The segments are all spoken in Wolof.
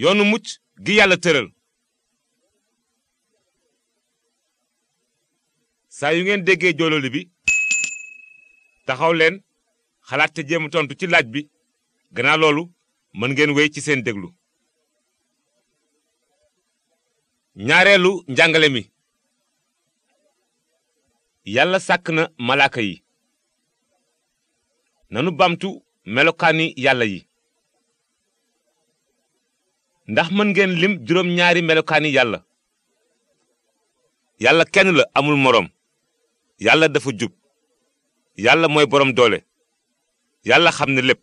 yoonu mucc gi yàlla tëral saa yu ngeen déggee joololi bi taxaw leen xalaat te jéem tontu ci laaj bi gannaaw loolu mën ngeen wéy ci seen déglu ñaareelu njàngale mi yàlla sàkk na malaaka yi nanu bamtu melokaani yàlla yi ndax mën ngeen lim juróom ñaari melokaani yàlla yàlla kenn la amul moroom yàlla dafa jub yàlla mooy boroom doole yàlla xam ne lépp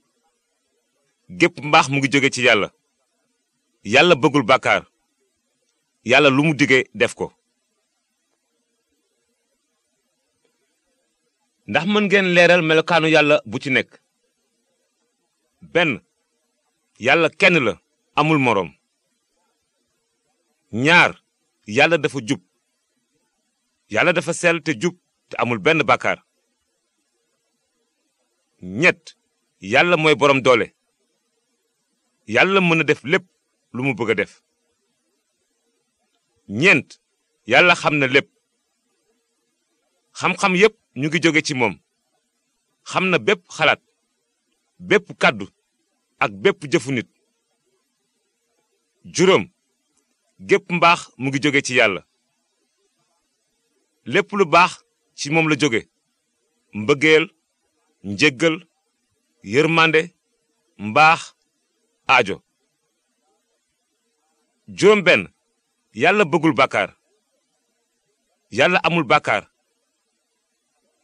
gépp mbaax mu ngi jóge ci yàlla yàlla bëggul bàkkaar yàlla lu mu dige def ko ndax mën ngeen leeral melokaanu yàlla bu ci nekk benn yàlla kenn la amul moroom ñaar yàlla dafa jub yàlla dafa sell te jub te amul benn bàkkaar ñett yàlla mooy boroom doole yàlla mën a def lépp lu mu bëgg a def ñeent yàlla xam na lépp xam-xam yépp ñu ngi jóge ci moom xam na bépp xalaat bépp kàddu ak bépp jëfu nit juróom gépp mbaax mu ngi jóge ci yàlla lépp lu baax ci moom la jóge mbëggeel njéggal yërmande mbaax aajo juróom benn yàlla bëggul bàkkaar yàlla amul bàkkaar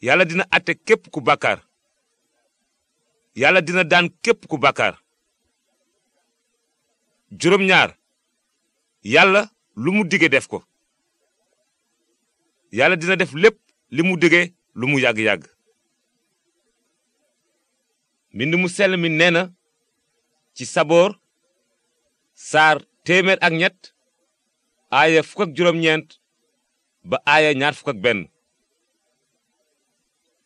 yàlla dina àtte képp ku bàkkaar yàlla dina daan képp ku bàkkaar juróom ñaar yàlla lu mu dige def ko yàlla dina def lépp li mu dige lu mu yàgg-yàgg mbind mu sell mi nee na ci saboor saar téeméer ak ñett aaya fukk juróom-ñeent ba aaya ñaar fukk benn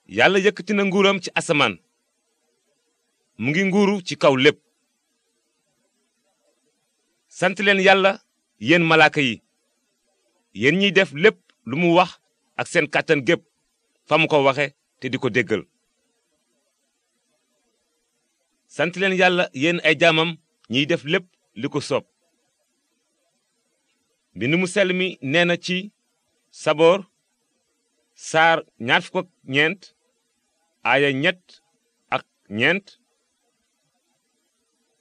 yàlla yëkkati na nguuram ci asamaan mu ngi nguuru ci kaw lépp sant leen yàlla yéen malaaka yi yéen ñiy def lépp lu mu wax ak seen kàttan gépp fa mu ko waxe te di ko déggal sant leen yàlla yéen ay jaamam ñiy def lépp li ko soob mbind mu sell mi nee na ci saboor saar ñaar fukk ak ñeent aaya ñett ak ñeent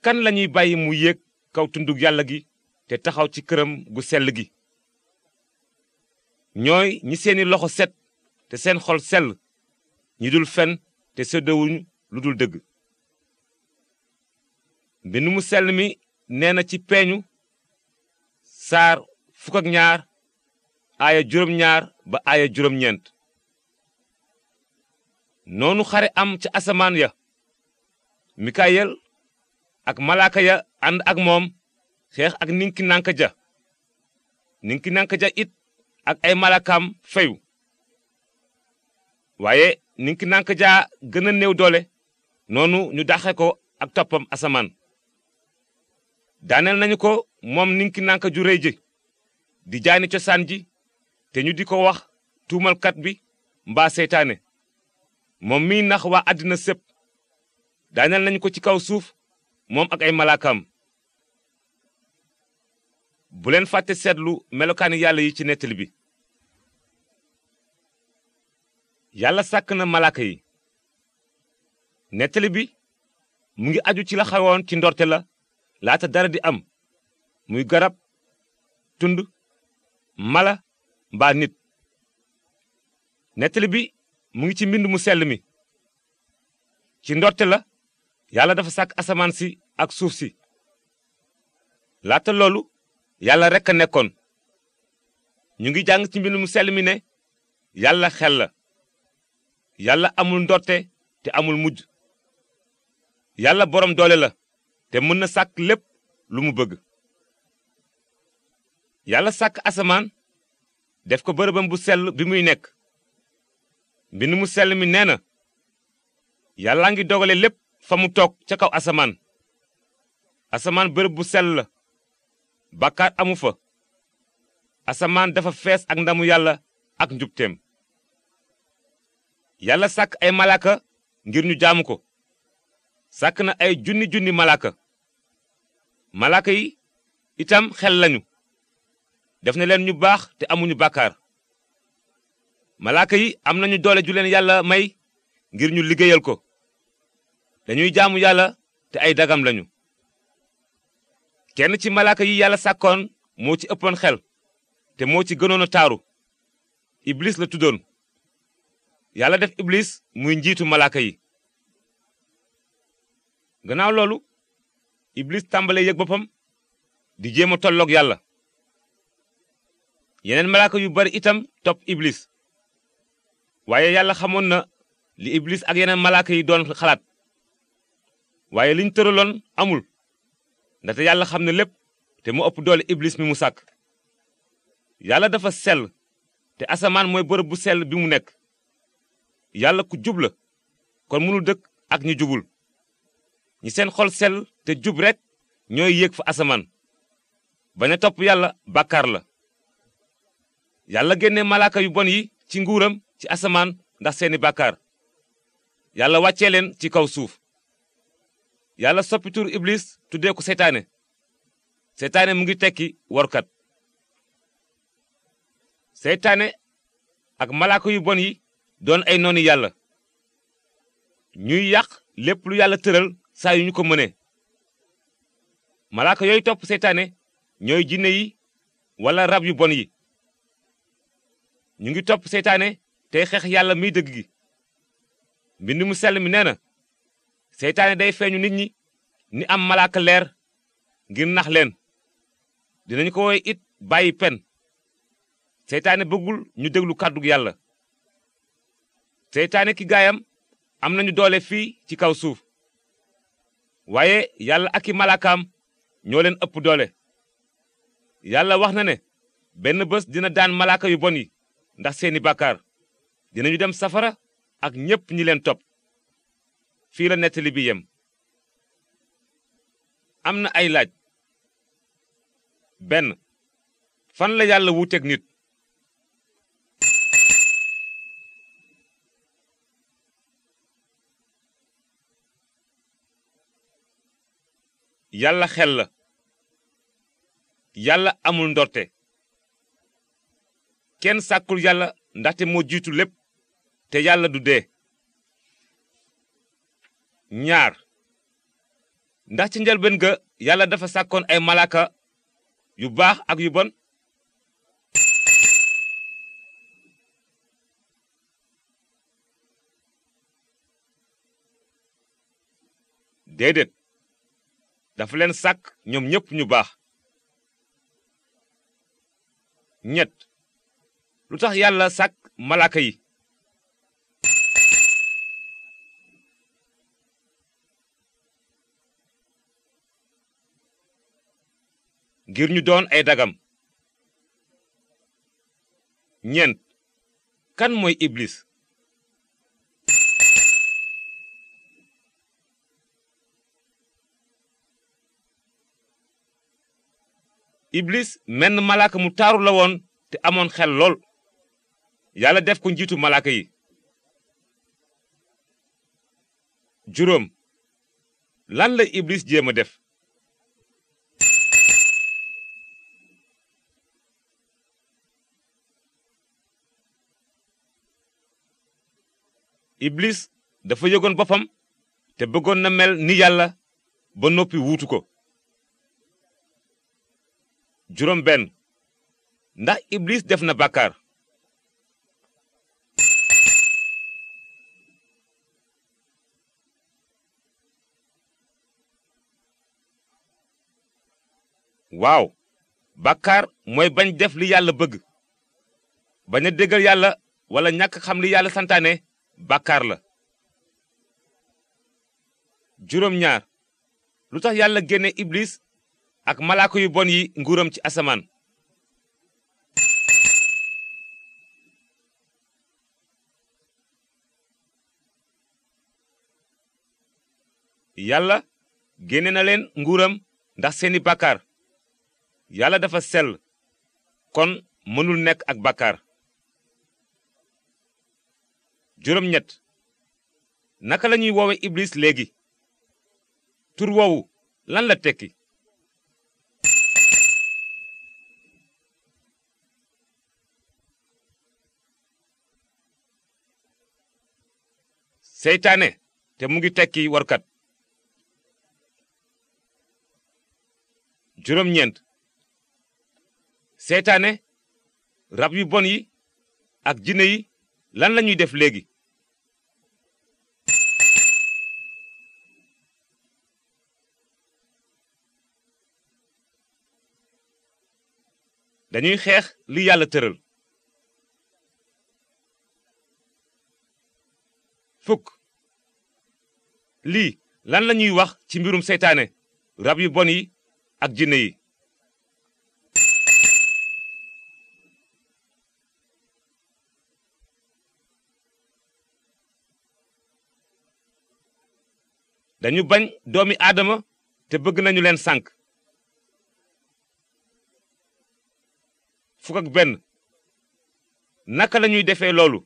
kan lañuy bàyyi mu yéeg kaw tundug yàlla gi te taxaw ci këram gu sell gi ñooy ñi seeni loxo set te seen xol sell ñi dul fen te séddowuñu lu dul dëgg mbind mu sell mi nee na ci peeñu saar fukk ñaar aaya juróom ñaar ba aaya juróom ñeent noonu xare am ca asamaan ya mikayel ak malaaka ya ànd ak moom xeex ak ninki nànk ja ninki nànk ja it ak ay malakaam feyu waaye ninki nànk ja gën a néew doole noonu ñu daxe ko ak toppam asamaan daaneel nañu ko moom ninki nànk ju rëy ji di jaani cosaan ji te ñu di ko wax tuumalkat bi mbaa seytaane moom miy nax waa àddina sëpp daaneel nañu ko ci kaw suuf moom ak ay malaakaam buleen fàtte seetlu melokaani yàlla yi ci nettali bi yàlla sàkk na malaaka yi nettali bi mu ngi aju ci la xawoon ci ndorte la laata dara di am muy garab tund mala mbaa nit nettali bi mu ngi ci mbind mu sell mi ci ndorte la yàlla dafa sàkk asamaan si ak suuf si laata loolu yàlla rekk a nekkoon ñu ngi jàng ci mbind mu sell mi ne yàlla xel la yàlla amul ndorte te amul mujj yàlla borom doole la te mën na sàkk lépp lu mu bëgg yàlla sakk asamaan def ko bërëbam bu sell bi muy nekk mbind mu sell mi nee na yàllaa ngi dogale lépp fa mu toog ca kaw asamaan asamaan bërëb bu sell la bàkkaar amu fa asamaan dafa fees ak ndamu yàlla ak njubteem yàlla sakk ay malaaka ngir ñu jaamu ko sàkk na ay junni junni malaaka malaaka yi itam xel lañu def na leen ñu baax te amuñu bàkkaar malaaka yi am nañu doole ju leen yàlla may ngir ñu liggéeyal ko dañuy jaamu yàlla te ay dagam lañu kenn ci malaaka yi yàlla sàkkoon moo ci ëppoon xel te moo ci gënoon a taaru iblis la tuddoon yàlla def iblis muy njiitu malaaka yi gannaaw loolu iblis tàmbale yëg boppam di jéem a tolloog yàlla yeneen malaaka yu bari itam topp iblis waaye yàlla xamoon na li iblis ak yeneen malaaka yi doon xalaat waaye liñ tëraloon amul ndaxte yàlla xam ne lépp te mu ëpp doole iblis mi mu sàkk yàlla dafa sel te asamaan mooy bërëb bu sel bi mu nekk yàlla ku jub la kon mënul dëkk ak ñu jubul ñi seen xol sel te jub rek ñooy yéeg fa asamaan bañ a topp yàlla bàkkaar la yàlla génne malaaka yu bon yi ci nguuram ci asamaan ndax seeni bàkkaar yàlla wàccee leen ci kaw suuf yàlla soppi tur iblis tuddee ko seytaane seytaane mu ngi tekki workat seytaane ak malaaka yu bon yi doon ay noonu yàlla ñuy yàq lépp lu yàlla tëral saa yu ñu ko mënee malaaka yooyu topp seytaane ñooy jinne yi walla rab yu bon yi ñu ngi topp seytaane tey xeex yàlla miy dëgg gi mbind mu sell mi nee na seytaane day feeñu nit ñi ni am malaaka leer ngir nax leen dinañ ko woy it bàyyi pen seytaane bëggul ñu déglu kàddu yàlla seytaane ki gaayam am nañu doole fii ci kaw suuf waaye yàlla ak i malaakaam ñoo leen ëpp doole yàlla wax na ne benn bés dina daan malaaka yu bon yi ndax seeni bàkkaar dinañu dem safara ak ñépp ñi leen topp fii la nettali bi yem am na ay laaj benn fan la yàlla wuuteeg nit yàlla xel la yàlla amul ndorte kenn sàkkul yàlla ndaxte moo jiitu lépp te yàlla du dee ñaar ndax ci njëlbéen ga yàlla dafa sàkkoon ay malaaka yu baax ak yu bon déedéet dafa leen sàkk ñoom ñépp ñu baax ñett lu tax yàlla sàkk malaaka yi ngir ñu doon ay dagam ñeent kan mooy iblis iblis menn malaaka mu taaru la woon te amoon xel lool yàlla def ko njiitu malaaka yi juróom lan la iblis jéem a def iblis dafa yëgoon boppam te bëggoon na mel ni yàlla ba noppi wuutu ko juróom benn ndax iblis def na bàkkaar waaw bàkkaar mooy bañ def li yàlla bëgg bañ a déggal yàlla wala ñàkk xam li yàlla santaane bàkkaar la juróom ñaar lu tax yàlla génne iblis ak malaaka yu bon yi nguuram ci asamaan yàlla génne na leen nguuram ndax seeni bàkkaar yàlla dafa sel kon mënul nekk ak bàkkaar juróom-ñett naka lañuy ñuy woowe iblis léegi tur woowu lan la tekki seytaane te mu ngi tekki warkat juróom-ñeent seytaane rab yu bon yi ak jinné yi lan lañuy def léegi dañuy xeex li yàlla tëral fukk lii lan la ñuy wax ci mbirum seytaane rab yu bon yi ak jinne yi dañu bañ doomi aadama te bëgg nañu leen sànk fukk ak benn naka la defee loolu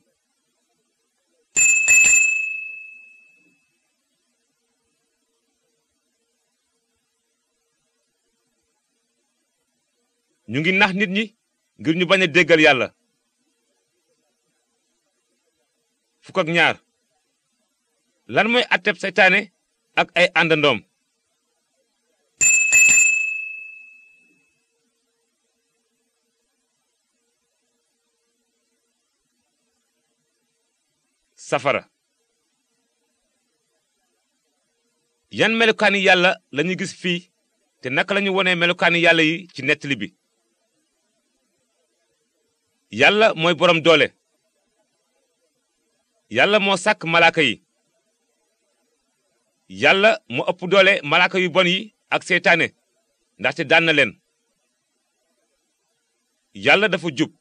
ñu ngi nax nit ñi ngir ñu bañ a déggal yàlla fukk ak ñaar lan mooy atteb seytaane ak ay àndandoom safara yan melukaani yàlla lañu gis fii te naka lañu wone melukaani yàlla yi ci nettali bi yàlla mooy boroom doole yàlla moo sàkk malaaka yi yàlla mu ëpp doole malaaka yu bon yi ak seytaane ndaxte daan na leen yàlla dafa jub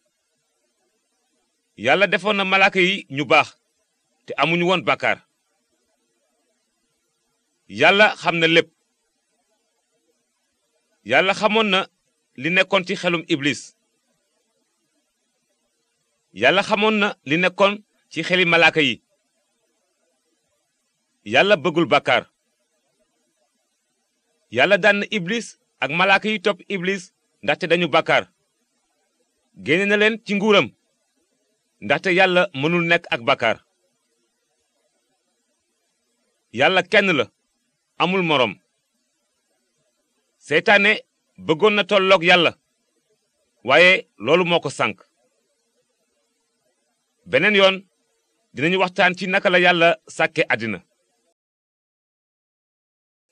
yàlla defoon na malaaka yi ñu baax te amuñu woon bàkkaar yàlla xam na lépp yàlla xamoon na li nekkoon ci xelum iblis yàlla xamoon na li nekkoon ci xeli malaaka yi yàlla bëggul bàkkaar yàlla daan na iblis ak malaaka yi topp iblis ndaxte dañu bàkkaar génne na leen ci nguuram ndaxte yàlla mënul nekk ak bàkkaar yàlla kenn la amul morom seytaane bëggoon na tolloog yàlla waaye loolu moo ko sànk beneen yoon dinañu waxtaan ci naka la yàlla sàkke àddina